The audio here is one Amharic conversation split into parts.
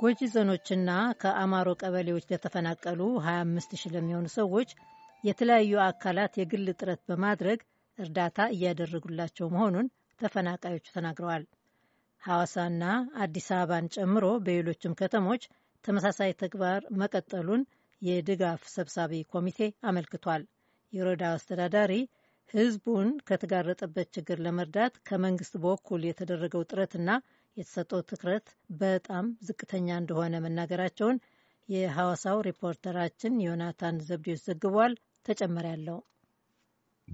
ከጎጂ ዘኖችና ከአማሮ ቀበሌዎች ለተፈናቀሉ 25 ሺህ ለሚሆኑ ሰዎች የተለያዩ አካላት የግል ጥረት በማድረግ እርዳታ እያደረጉላቸው መሆኑን ተፈናቃዮቹ ተናግረዋል። ሐዋሳና አዲስ አበባን ጨምሮ በሌሎችም ከተሞች ተመሳሳይ ተግባር መቀጠሉን የድጋፍ ሰብሳቢ ኮሚቴ አመልክቷል። የወረዳው አስተዳዳሪ ሕዝቡን ከተጋረጠበት ችግር ለመርዳት ከመንግስት በኩል የተደረገው ጥረትና የተሰጠው ትኩረት በጣም ዝቅተኛ እንደሆነ መናገራቸውን የሐዋሳው ሪፖርተራችን ዮናታን ዘብዴዎስ ዘግቧል። ተጨመሪ ያለው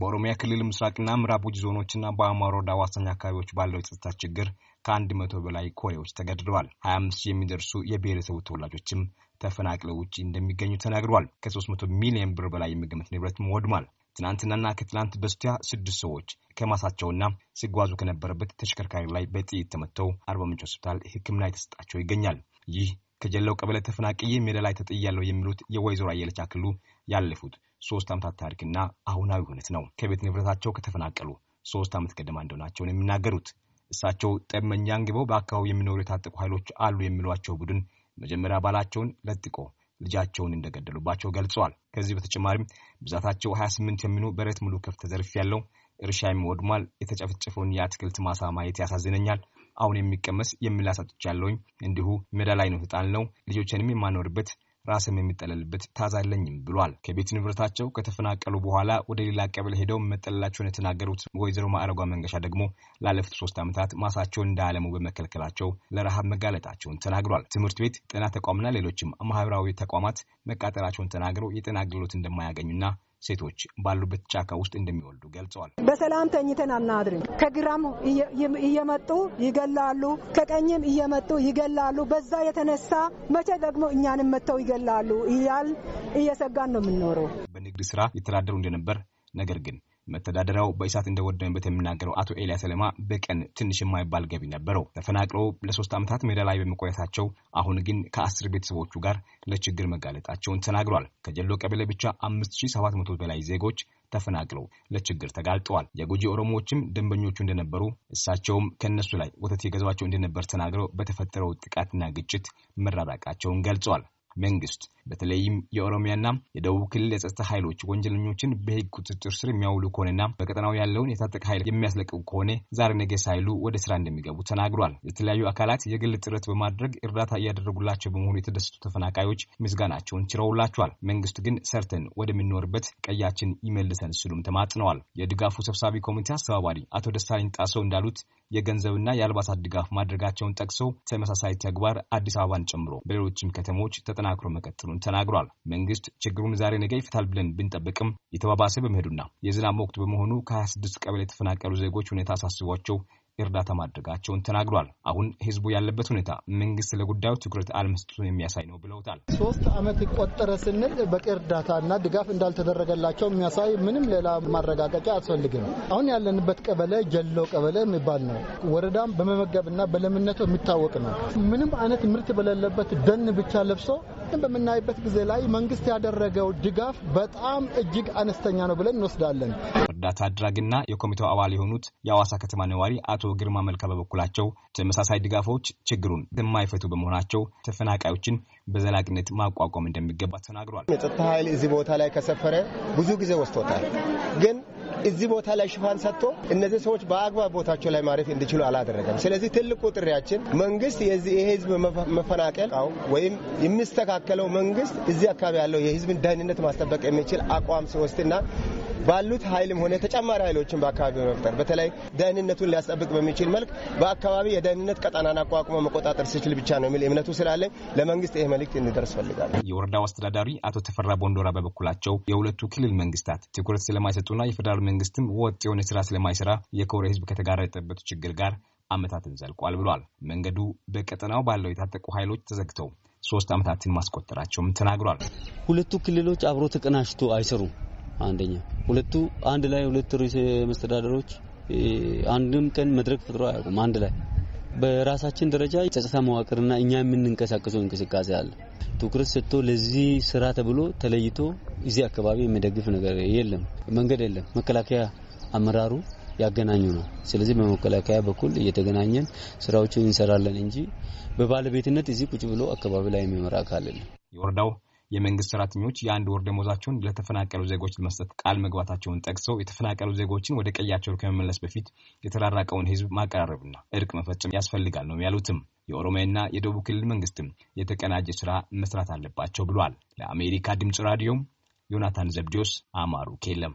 በኦሮሚያ ክልል ምስራቅና ምዕራብ ጉጂ ዞኖችና በአማሮ ወረዳ ዋሳኝ አካባቢዎች ባለው የጸጥታ ችግር ከአንድ መቶ በላይ ኮሬዎች ተገድለዋል። ሀያ አምስት የሚደርሱ የብሔረሰቡ ተወላጆችም ተፈናቅለው ውጭ እንደሚገኙ ተናግረዋል። ከሶስት መቶ ሚሊዮን ብር በላይ የሚገመት ንብረትም ወድሟል። ትናንትናና ከትናንት በስቲያ ስድስት ሰዎች ከማሳቸውና ሲጓዙ ከነበረበት ተሽከርካሪ ላይ በጥይት ተመተው አርባ ምንጭ ሆስፒታል ሕክምና የተሰጣቸው ይገኛል። ይህ ከጀለው ቀበሌ ተፈናቅዬ ሜዳ ላይ ተጥያለሁ የሚሉት የወይዘሮ አየለች አክሉ ያለፉት ሶስት ዓመታት ታሪክና አሁናዊ ሁነት ነው። ከቤት ንብረታቸው ከተፈናቀሉ ሶስት ዓመት ገደማ እንደሆናቸውን የሚናገሩት እሳቸው ጠመንጃ አንግበው በአካባቢው የሚኖሩ የታጠቁ ኃይሎች አሉ የሚሏቸው ቡድን መጀመሪያ ባላቸውን ለጥቆ ልጃቸውን እንደገደሉባቸው ገልጸዋል። ከዚህ በተጨማሪም ብዛታቸው 28 የሚሆኑ በረት ሙሉ ከብት ተዘርፍ ያለው እርሻም ወድሟል። የተጨፈጨፈውን የአትክልት ማሳ ማየት ያሳዝነኛል። አሁን የሚቀመስ የሚላሳቶች ያለውኝ እንዲሁ ሜዳ ላይ ነው። ህጣል ነው ልጆችንም የማኖርበት ራስም የሚጠለልበት ታዛለኝም ብሏል። ከቤት ንብረታቸው ከተፈናቀሉ በኋላ ወደ ሌላ ቀበሌ ሄደው መጠለላቸውን የተናገሩት ወይዘሮ ማዕረጓ መንገሻ ደግሞ ላለፉት ሶስት ዓመታት ማሳቸውን እንዳያለሙ በመከልከላቸው ለረሃብ መጋለጣቸውን ተናግሯል። ትምህርት ቤት፣ ጤና ተቋምና ሌሎችም ማህበራዊ ተቋማት መቃጠላቸውን ተናግረው የጤና አገልግሎት እንደማያገኙና ሴቶች ባሉበት ጫካ ውስጥ እንደሚወልዱ ገልጸዋል። በሰላም ተኝተን አናድርም። ከግራም እየመጡ ይገላሉ፣ ከቀኝም እየመጡ ይገላሉ። በዛ የተነሳ መቼ ደግሞ እኛንም መጥተው ይገላሉ እያል እየሰጋን ነው የምንኖረው። በንግድ ስራ የተዳደሩ እንደነበር ነገር ግን መተዳደሪያው በእሳት እንደወደመበት የሚናገረው አቶ ኤልያስ ለማ በቀን ትንሽ የማይባል ገቢ ነበረው። ተፈናቅለው ለሶስት ዓመታት ሜዳ ላይ በመቆየታቸው አሁን ግን ከአስር ቤተሰቦቹ ጋር ለችግር መጋለጣቸውን ተናግሯል። ከጀሎ ቀበሌ ብቻ አምስት ሺህ ሰባት መቶ በላይ ዜጎች ተፈናቅለው ለችግር ተጋልጠዋል። የጉጂ ኦሮሞዎችም ደንበኞቹ እንደነበሩ እሳቸውም ከእነሱ ላይ ወተት የገዛቸው እንደነበር ተናግረው በተፈጠረው ጥቃትና ግጭት መራራቃቸውን ገልጸዋል። መንግስት በተለይም የኦሮሚያና የደቡብ ክልል የጸጥታ ኃይሎች ወንጀለኞችን በህግ ቁጥጥር ስር የሚያውሉ ከሆነና በቀጠናው ያለውን የታጠቀ ኃይል የሚያስለቅቁ ከሆነ ዛሬ ነገ ሳይሉ ወደ ስራ እንደሚገቡ ተናግሯል። የተለያዩ አካላት የግል ጥረት በማድረግ እርዳታ እያደረጉላቸው በመሆኑ የተደሰቱ ተፈናቃዮች ምስጋናቸውን ችረውላቸዋል። መንግስት ግን ሰርተን ወደምንኖርበት ቀያችን ይመልሰን ስሉም ተማጽነዋል። የድጋፉ ሰብሳቢ ኮሚቴ አስተባባሪ አቶ ደሳለኝ ጣሰው እንዳሉት የገንዘብና የአልባሳት ድጋፍ ማድረጋቸውን ጠቅሰው ተመሳሳይ ተግባር አዲስ አበባን ጨምሮ በሌሎችም ከተሞች ተጠ ተጠናክሮ መቀጠሉን ተናግሯል። መንግስት ችግሩን ዛሬ ነገ ይፈታል ብለን ብንጠብቅም የተባባሰ በመሄዱና የዝናብ ወቅት በመሆኑ ከ26 ቀበሌ የተፈናቀሉ ዜጎች ሁኔታ አሳስቧቸው እርዳታ ማድረጋቸውን ተናግሯል። አሁን ህዝቡ ያለበት ሁኔታ መንግስት ለጉዳዩ ትኩረት አለመስጠቱን የሚያሳይ ነው ብለውታል። ሶስት አመት ቆጠረ ስንል በቂ እርዳታና ድጋፍ እንዳልተደረገላቸው የሚያሳይ ምንም ሌላ ማረጋገጫ አያስፈልግም። አሁን ያለንበት ቀበሌ ጀሎ ቀበሌ የሚባል ነው። ወረዳም በመመገብና በለምነቱ የሚታወቅ ነው። ምንም አይነት ምርት በሌለበት ደን ብቻ ለብሶ በምናይበት ጊዜ ላይ መንግስት ያደረገው ድጋፍ በጣም እጅግ አነስተኛ ነው ብለን እንወስዳለን። ረዳት አድራጊና የኮሚቴው አባል የሆኑት የአዋሳ ከተማ ነዋሪ አቶ ግርማ መልካ በበኩላቸው ተመሳሳይ ድጋፎች ችግሩን የማይፈቱ በመሆናቸው ተፈናቃዮችን በዘላቂነት ማቋቋም እንደሚገባ ተናግሯል። የጸጥታ ኃይል እዚህ ቦታ ላይ ከሰፈረ ብዙ ጊዜ ወስቶታል። ግን እዚህ ቦታ ላይ ሽፋን ሰጥቶ እነዚህ ሰዎች በአግባብ ቦታቸው ላይ ማረፍ እንዲችሉ አላደረገም። ስለዚህ ትልቁ ጥሪያችን መንግስት የዚህ የህዝብ መፈናቀል ወይም የሚስተካከለው መንግስት እዚህ አካባቢ ያለው የህዝብን ደህንነት ማስጠበቅ የሚችል አቋም ሲወስድና ባሉት ኃይልም ሆነ ተጨማሪ ኃይሎችን በአካባቢ በመፍጠር በተለይ ደህንነቱን ሊያስጠብቅ በሚችል መልክ በአካባቢ የደህንነት ቀጠናን አቋቁሞ መቆጣጠር ሲችል ብቻ ነው የሚል እምነቱ ስላለኝ ለመንግስት ይህ መልእክት እንደርስ ፈልጋለሁ። የወረዳው አስተዳዳሪ አቶ ተፈራ ቦንዶራ በበኩላቸው የሁለቱ ክልል መንግስታት ትኩረት ስለማይሰጡና የፌዴራል መንግስትም ወጥ የሆነ ስራ ስለማይሰራ የኮሪያ ህዝብ ከተጋረጠበት ችግር ጋር ዓመታትን ዘልቋል ብሏል። መንገዱ በቀጠናው ባለው የታጠቁ ኃይሎች ተዘግተው ሶስት ዓመታትን ማስቆጠራቸውም ተናግሯል። ሁለቱ ክልሎች አብሮ ተቀናጅቶ አይሰሩም። አንደኛ። ሁለቱ አንድ ላይ ሁለት ርዕሰ መስተዳደሮች አንድም ቀን መድረክ ፈጥሮ አያውቁም። አንድ ላይ በራሳችን ደረጃ የጸጥታ መዋቅርና እኛ የምንንቀሳቀሰው እንቅስቃሴ አለ። ትኩረት ሰጥቶ ለዚህ ስራ ተብሎ ተለይቶ እዚህ አካባቢ የሚደግፍ ነገር የለም፣ መንገድ የለም። መከላከያ አመራሩ ያገናኙ ነው። ስለዚህ በመከላከያ በኩል እየተገናኘን ስራዎችን እንሰራለን እንጂ በባለቤትነት እዚህ ቁጭ ብሎ አካባቢ ላይ የሚመራ አካል የለም። የመንግስት ሰራተኞች የአንድ ወር ደሞዛቸውን ለተፈናቀሉ ዜጎች ለመስጠት ቃል መግባታቸውን ጠቅሰው የተፈናቀሉ ዜጎችን ወደ ቀያቸው ከመመለስ በፊት የተራራቀውን ህዝብ ማቀራረብና እርቅ መፈጸም ያስፈልጋል ነው ያሉትም። የኦሮሚያና የደቡብ ክልል መንግስትም የተቀናጀ ስራ መስራት አለባቸው ብሏል። ለአሜሪካ ድምጽ ራዲዮም ዮናታን ዘብዲዮስ አማሩ ኬለም